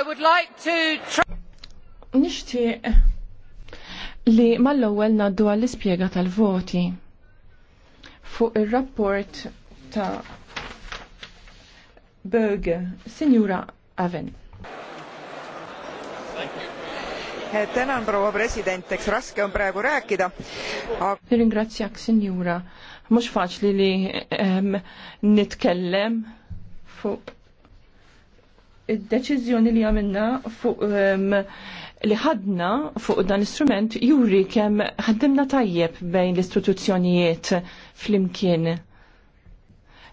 I would like to... Nishtiq li mal-ewwel naddu għall-ispjega tal-voti fuq ir-rapport ta' Berger, Sinjura Aven. Eh, tänan, proua president, eks raske on praegu rääkida. Ringrazzjak, sinjura. Mux faċli li ehm, nitkellem fuq id-deċiżjoni li għamilna fuq um, li ħadna fuq dan l-istrument juri kemm ħaddimna tajjeb bejn l-istituzzjonijiet fl-imkien.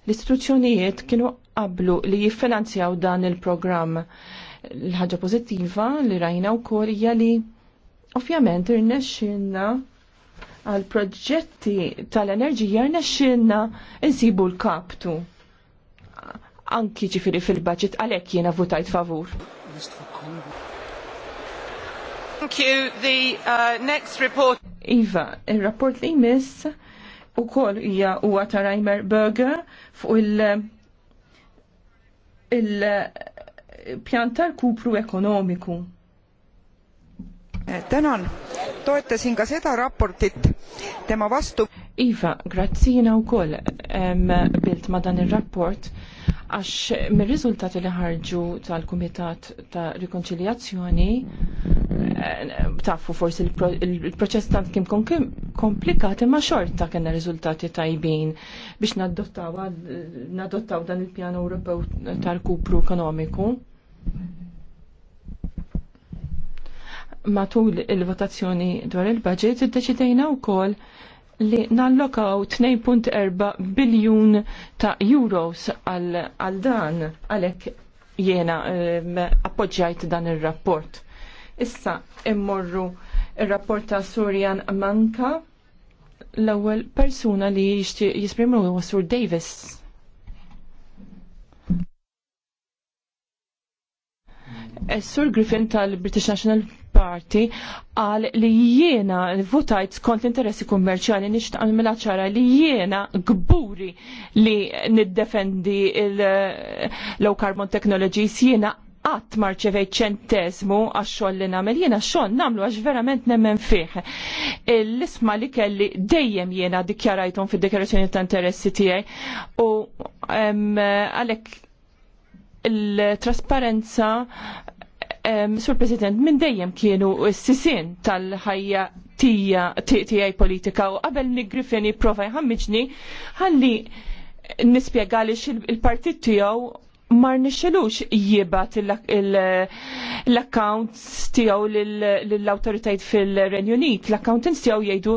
L-istituzzjonijiet kienu qablu li jiffinanzjaw dan il-programm. L-ħaġa pożittiva li rajna wkoll hija li ovvjament irnexxinna għal proġetti tal-enerġija rnexxinna insibu l-kaptu anki ġifiri fil-budget għalhekk jiena votajt favur. Thank you. The uh, next report. Iva, il-rapport li jmiss u koll hija huwa ta' Reimer Berger fuq il- il pjantar kupru ekonomiku. Eh, tänan, toetasin ka seda raportit tema vastu. Iva, grazzina u koll bilt ma dan il-rapport għax mir-riżultati li ħarġu tal-Kumitat ta' Rikonċiljazzjoni eh, tafu forsi il-proċess tant kien kon komplikat imma xorta kena riżultati tajbin biex nadottaw nadottaw dan il-pjan Ewropew tal-kupru ekonomiku. Matul il-votazzjoni dwar il-budget iddeċidejna wkoll li nallokaw 2.4 biljun ta' euros għal dan għalek jena eh, appoġġajt dan il-rapport. Issa immorru il-rapport ta' Surjan Manka l-ewwel persuna li jixtieq jisprimu huwa Sur Davis. Eh, Sur Griffin tal-British National parti għal li jiena votajt skont interessi kummerċjali nishtaq mela ċara li jiena gburi li niddefendi il-low eh, carbon technologies jiena għat marċevej ċentesmu għaxxol li namel, jena xon namlu għax verament nemmen fiħ. L-isma li kelli dejjem jena dikjarajtum fi dikjarazzjoni ta' interessi tijaj u għalek il-trasparenza Sur President, minn dejjem kienu s-sisin tal-ħajja tijaj politika u qabel nigrifeni prova jħammiġni ħalli nispjega li il-partit tijaw mar nixelux jibat l-accounts tijaw l-autoritajt fil-Renju Unit. L-accountants tijaw jgħidu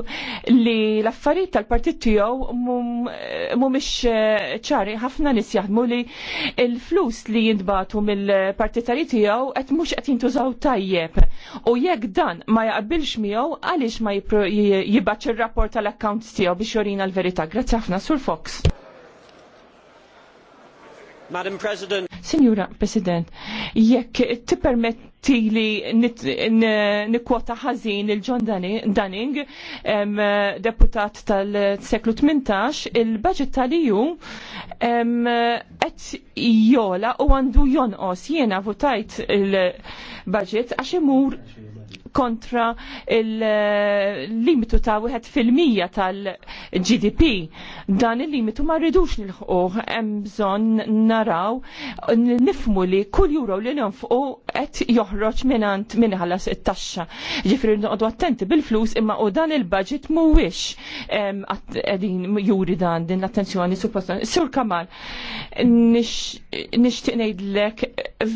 li l-affarijiet tal-partit tijaw mumiex eh, ċari ħafna nis jaħdmu li l-flus li jindbatu mill-partitari tijaw għet mux għet jintużaw tajjeb. U jekk dan ma jaqbilx miegħu għaliex ma jibaċ il-rapport tal-accounts tijaw biex jorina l-verita. Grazie ħafna, Sur Fox. Madam President. Signora President, jekk tippermetti li nikwota ħażin il-John Dunning, deputat tal-seklu 18, il-budget tal-EU qed jola u għandu jonqos. Jiena votajt il-budget għax imur kontra il-limitu eh, ta' 1% tal-GDP. Dan il-limitu ma rridux nilħuq hemm bżonn naraw nifmu li kull euro li nonfqu qed joħroġ minant minħallas it-taxxa. Ġifieri noqogħdu attenti bil-flus imma u dan il-budget mhuwiex qegħdin juri dan din l-attenzjoni supposta. Sur Kamal, nixtieq ngħidlek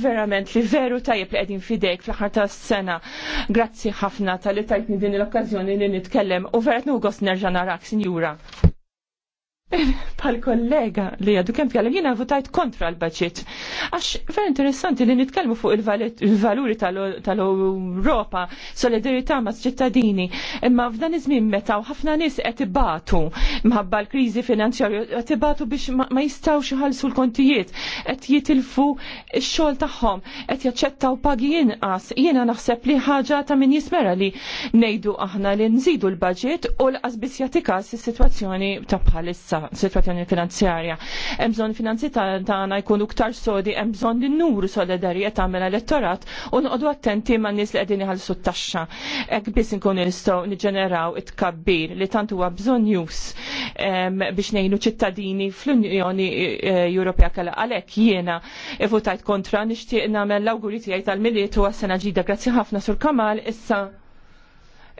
verament li veru tajjeb li qegħdin fidejk fl-aħħar tas-sena. Grazzi ħafna tal-li tajtni din l-okkazjoni li nitkellem u verat nugos nerġa narak, sinjura. pal kollega li għadu kemm fjallem jina votajt kontra l-budget. Għax ver interessanti li nitkelmu fuq il-valuri tal-Europa, solidarità ma' ċittadini, imma f'dan iż-żmien meta u ħafna nies qed ibatu mħabba l-kriżi finanzjarju qed ibatu biex ma jistgħux iħallsu l-kontijiet, qed jitilfu x-xogħol tagħhom, qed jaċċettaw pagi inqas. Jiena naħseb li ħaġa ta' min jismera li ngħidu aħna li nżidu l-budget u l-qas biss jagħtikas is-sitwazzjoni ta' bħalissa situazzjoni finanzjarja. Hemm bżonn finanzi tagħna jkunu ktar sodi, hemm bżonn innuru solidarjetà mill-elettorat u noqogħdu attenti man nies li qegħdin iħallsu t-taxxa. Hekk biss inkun nistgħu niġġeneraw it-kabbir li tant huwa bżonn jus biex ngħinu ċittadini fl-Unjoni eh, Ewropea kellha għalhekk jiena votajt kontra nixtieq nagħmel l-awguri tiegħi tal-miliet u għas-sena ġida. Grazzi ħafna sur Kamal issa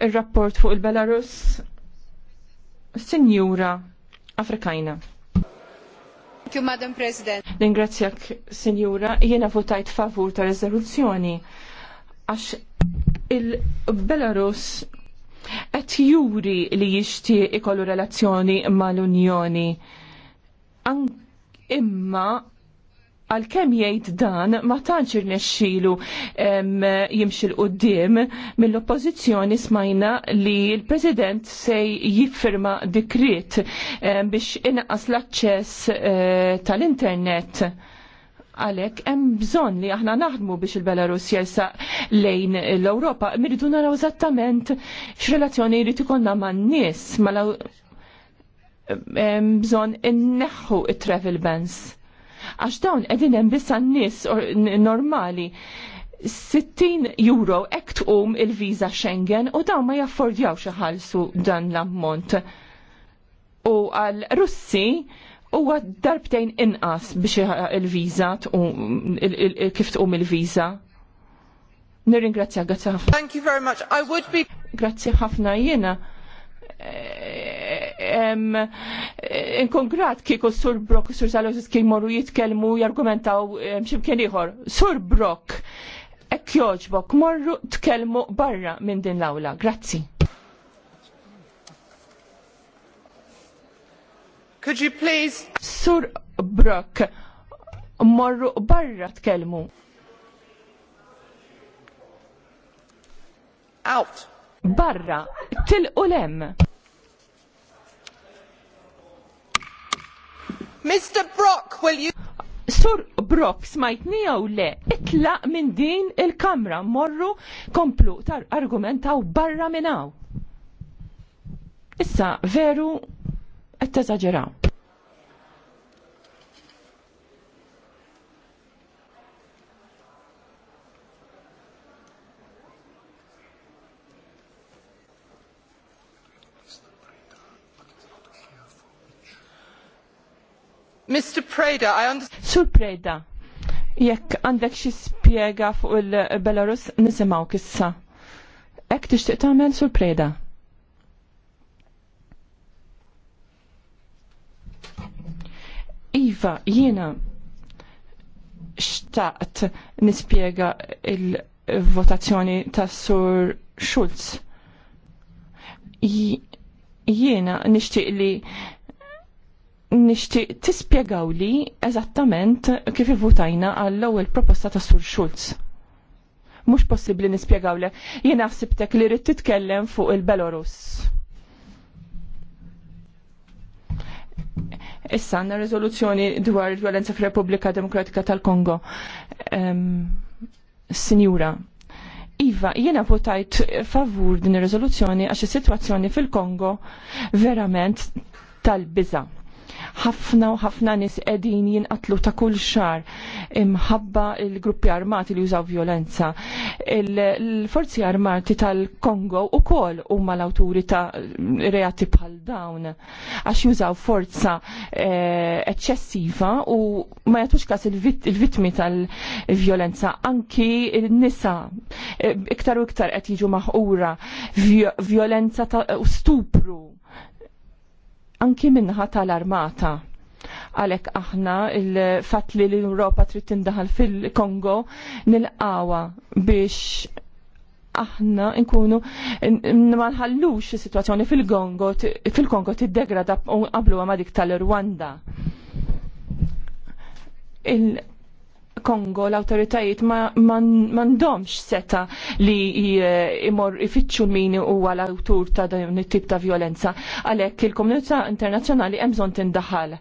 il rapport fuq il-Belarus Sinjura Afrikajna. Ringrazzjak Ningrazzjak, Sinjura, jiena votajt favur ta' rezoluzzjoni għax il-Belarus qed juri li jixtieq ikollu relazzjoni mal-Unjoni. Imma għal kem jgħid dan ma tantx irnexxielu jimxi l qudiem mill-oppożizzjoni smajna li l-President se jiffirma dekret biex inqas l-aċċess eh, tal-internet għalek hemm bżonn li aħna naħdmu biex il-Belarus jersa lejn l-Ewropa. Miridu naraw eżattament x'relazzjoni jrid ikollna man-nies mal bżonn inneħħu it-travel bans għax dawn qegħdin hemm bissa nies normali. 60 euro ek tqum il-viza Schengen u dawn ma jaffordjawx iħallsu dan l-ammont. U għal Russi huwa darbtejn inqas biex il-viża kif tqum il-viża. Nirringrazzja grazzi ħafna. Thank you very much. I would be Grazzi ħafna jiena inkongrat kieku Sur Brock u Sur Zalozis kien morru jitkellmu jargumentaw ximkien ieħor. Sur Brock, ek joġbok, morru tkellmu barra minn din l-awla. Grazzi. Could you please? Sur Brock, morru barra tkellmu. Out. Barra, tilqu lem. Mr. Brock, will you... Sur Brock, smajtni jew le, itlaq minn din il-kamra, morru komplu tar argumentaw barra minnaw. Issa, veru, et-tazagġeraw. Mr. Preda, I understand. Sur Preda, jekk għandek xi spjega fuq il-Belarus nisimgħu kissa. Hekk tixtieq tagħmel sur Preda. Iva, jiena xtaqt nispjega il-votazzjoni tas sur Schulz. Jiena nixtieq li nixtieq tispiegaw li eżattament kif ivvutajna għall-ewwel proposta ta' Sur Schulz. Mhux possibbli nispjegaw le, jiena ħsibtek li rrid titkellem fuq il-Belarus. Issa għandna riżoluzzjoni dwar il-violenza fir-Repubblika Demokratika tal-Kongo. Sinjura, Iva, jiena votajt favur din ir-riżoluzzjoni għax is-sitwazzjoni fil-Kongo verament tal-biża' ħafna u ħafna nis edin jinqatlu ta' kull xar imħabba il-gruppi armati li jużaw violenza. Il-forzi armati tal-Kongo u kol u ma l-awturi ta' reati bħal dawn għax jużaw forza eccessiva eh, u ma jatux kas il-vitmi tal-violenza anki il-nisa eh, iktar u iktar qed jiġu maħura violenza u stupru anki minnaħa tal-armata. Għalek aħna il-fat li l-Europa trid tindaħal fil-Kongo nil-qawa biex aħna nkunu ma nħallux is-sitwazzjoni fil-Kongo fil-Kongo tiddegrada qablu ma dik tal-Rwanda. Kongo l-autoritajiet mandomx seta li eh, imor ifittxu min huwa l-autur ta' dan it-tip ta' violenza. Għalhekk il-komunità internazzjonali hemm bżonn tindaħal.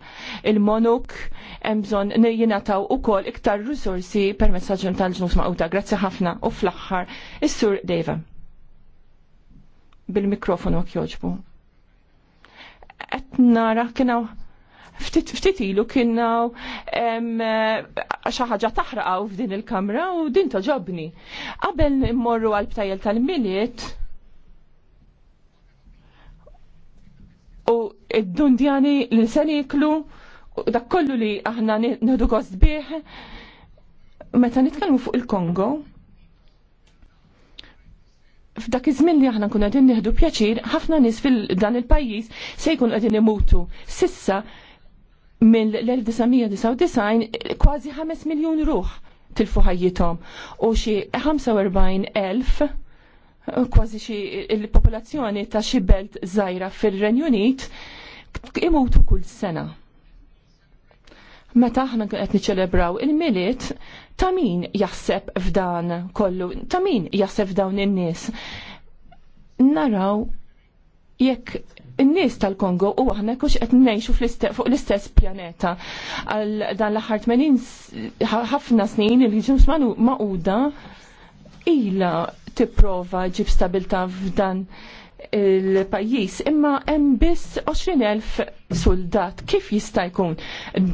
Il-monuk hemm bżonn u ukoll iktar risorsi permezz tal-ġnus ma' Grazie ħafna u fl-aħħar is-Sur Deva. Bil-mikrofonu jogħġbu. Qed nara kien ftit ilu kiennaw uh, uh, xaħġa taħraqaw f'din il-kamra u din toġobni. Qabel immorru għal btajjel tal-miliet u id-dundjani li seniklu u dak kollu li aħna nieħdu gost bih meta nitkellmu fuq il-Kongo f'dak iż-żmien li aħna nkunu qegħdin nieħdu pjaċir ħafna nies fil dan il-pajjiż se jkun qegħdin imutu. Sissa mill-1999 kważi 5 miljon ruħ tilfu ħajjithom u xi 45,000 kważi xi il-popolazzjoni ta' xi belt żgħira fir-Renju Unit imutu kull sena. Meta aħna qed niċċelebraw il-miliet, ta' min jaħseb f'dan kollu, ta' min jaħseb f'dawn in-nies. Naraw jekk in-nies tal-Kongo u aħna kux qed ngħixu fuq l-istess pjaneta. Għal dan l-aħħar 80 ħafna snin il-ġims maquda ila tipprova ġib stabilta f'dan il-pajjiż imma hemm biss 20,000 soldat kif jista' jkun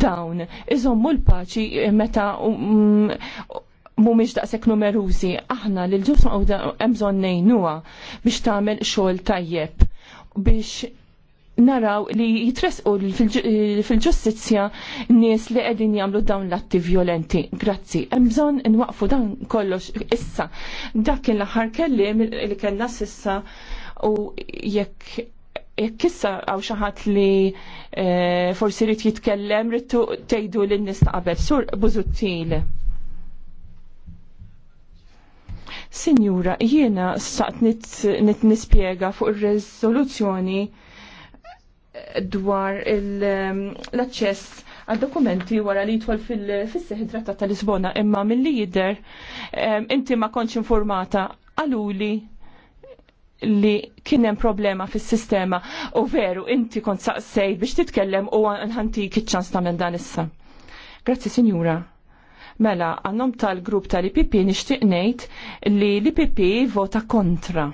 dawn iżommu l-paċi meta mumiex mm, daqsek numerużi, aħna li l-ġus maqda emżon nejnuwa biex tagħmel xogħol tajjeb biex naraw li jitresqu fil-ġustizzja nies li qegħdin jagħmlu dawn l-atti violenti. Grazzi. Hemm bżonn inwaqfu dan kollox issa. Dak kien l-aħħar kellim li kellna sissa u jekk jekk issa għaw xaħat li eh, forsi rrit jitkellem rritu tgħidu lin-nies ta' qabel. Sur buzuttile. Sinjura, jiena saqt nit nispjega fuq ir-rezoluzzjoni dwar um, l-aċċess għad dokumenti wara li jitwal fil seħidra trattat tal-Lisbona imma mill jider um, inti ma konċ informata għaluli li kienem problema fis sistema u veru inti kont saqsej biex titkellem u nħantik iċ-ċans tamen dan issa. Grazzi, Sinjura. Mela, għannom tal-grupp tal-IPP nishtiqnejt ngħid li l-IPP vota kontra.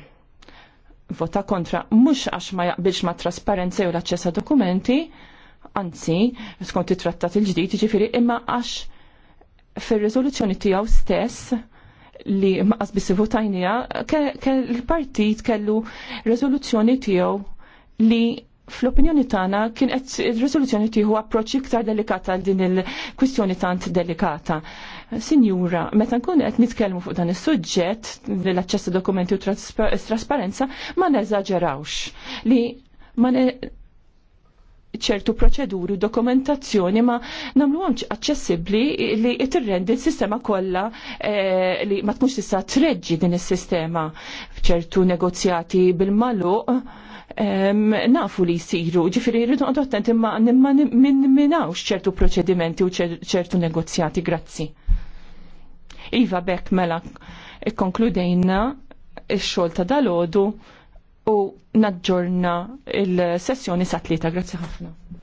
Vota kontra mhux għax ma jaqbilx ma' trasparenza u l-aċċess għad dokumenti, anzi, skont it-trattat il-ġdid, ġifieri imma għax fir-riżoluzzjoni tiegħu stess li maqas bissi votajnija, ke, ke l-partit kellu rezoluzzjoni tiegħu li Fl-opinjoni tagħna kien qed ir-riżoluzzjoni tieħu approċċ iktar delikata għal din il-kwistjoni tant delikata. Sinjura, meta nkun qed nitkellmu fuq dan is-suġġett l-aċċess dokumenti u trasparenza ma neżaġerawx li ma ċertu proċeduri u dokumentazzjoni ma namluhomx aċċessibbli li tirrendi s-sistema kollha eh, li ma tkunx tista' treġġi din is-sistema f'ċertu negozjati bil-maluq nafu li jisiru, ġifiri rridu għadu attenti ma minminawx ċertu proċedimenti u ċertu negozjati, grazzi. Iva bekk mela konkludejna il-xol ta' dalodu u naġġorna il-sessjoni sa' tlita, grazzi ħafna.